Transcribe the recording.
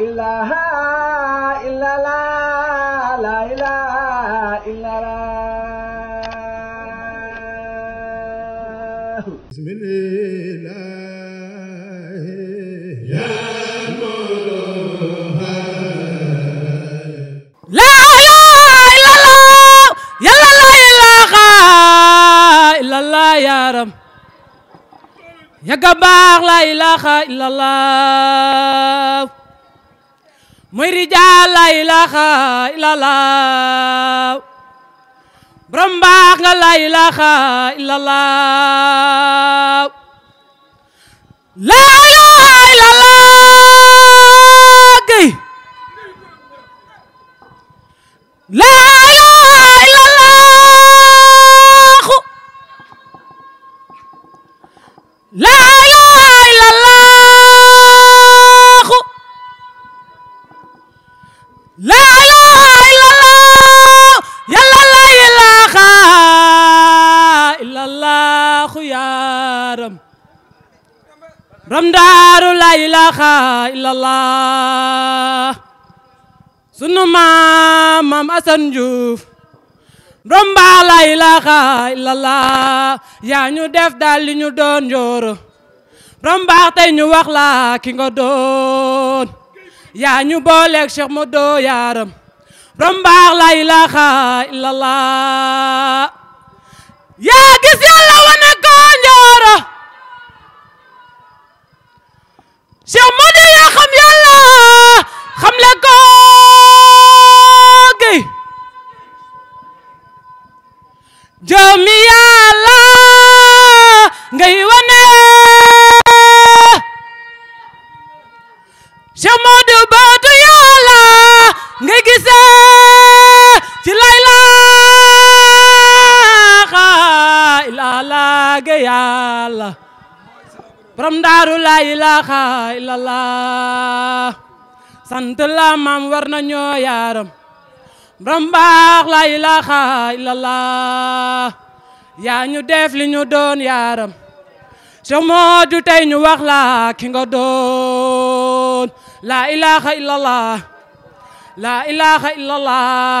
إله إلا لا لا إله إلا لا بسم الله يا إله إلا الله يا لا إله إلا الله يا رب يا لا إله إلا الله muy rijaal la ilaha illallah borom baax nga la ilaha illallah la ilaha illallah kay la ilaha illallah la laa ilaaha illallah yàlla laa ilaaha illallah yaaram ramdaaru laa ilaaha illallah sunu maam maam Assane Diouf romba laa ilaaha illallah yaa ñu def daal li ñu doon jooro rombaax tey ñu wax la ki doon yaa ñu booleeg Cheikh Modou yaaram rombaax la ilaha illallah yaa gis yàlla wane ko njooro Cheikh Modou yaa xam yàlla xam le ko gi jëmi yàlla yàlla borom daaru laa ilaaha illallah sant la maam war na ñoo yaaram borom baax laa ilaaha illallah yaa ñu def li ñu doon yaaram Cheikh Modou tey ñu wax la ki nga doon laa ilaaha illallah laa ilaaha illallah